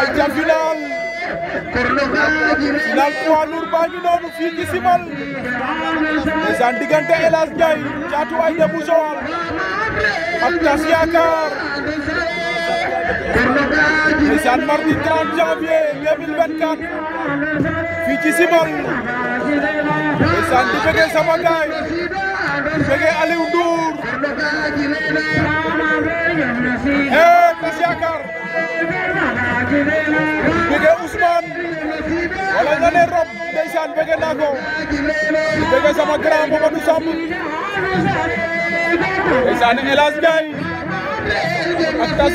ayca final final poids lourd baa ngi noonu fii ci Simal ndeysaan diggante El Hadj Ndiaye Thiatou Aïda bu Joal ak Tass Yakar ndeysaan mardi 30 janvier 2024 fii ci Simal ndeysaan di bëggee sama gaay di bëggee Aliou bëgge Ousmane wala nga ne Rob ndeysaan bëgge naa ko bëgge sama grand Mamadou Samb ndeysaan El Hadj Ndiaye ak tas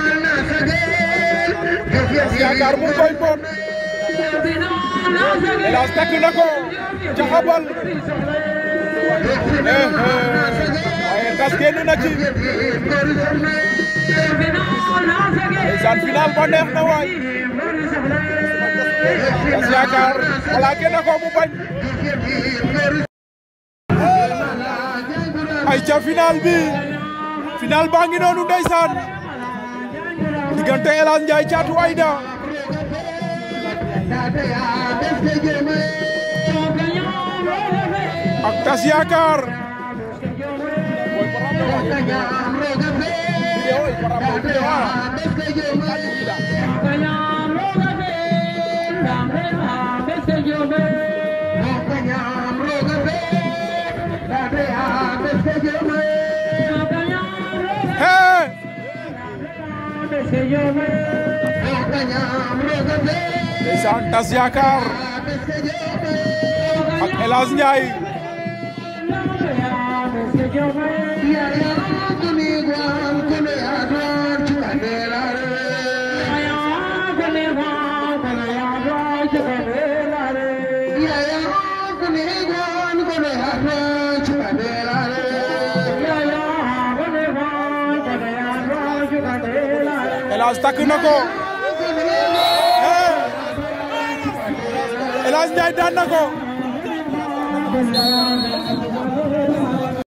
Ass ay ca final bi final baa ngi noonu ndeysaan diggante El Hadj Ndiaye Thiatou Aida ndeysaan tas yaakaar ak El Hadj Ndiaye Yeah. El Hadj takk daan na ko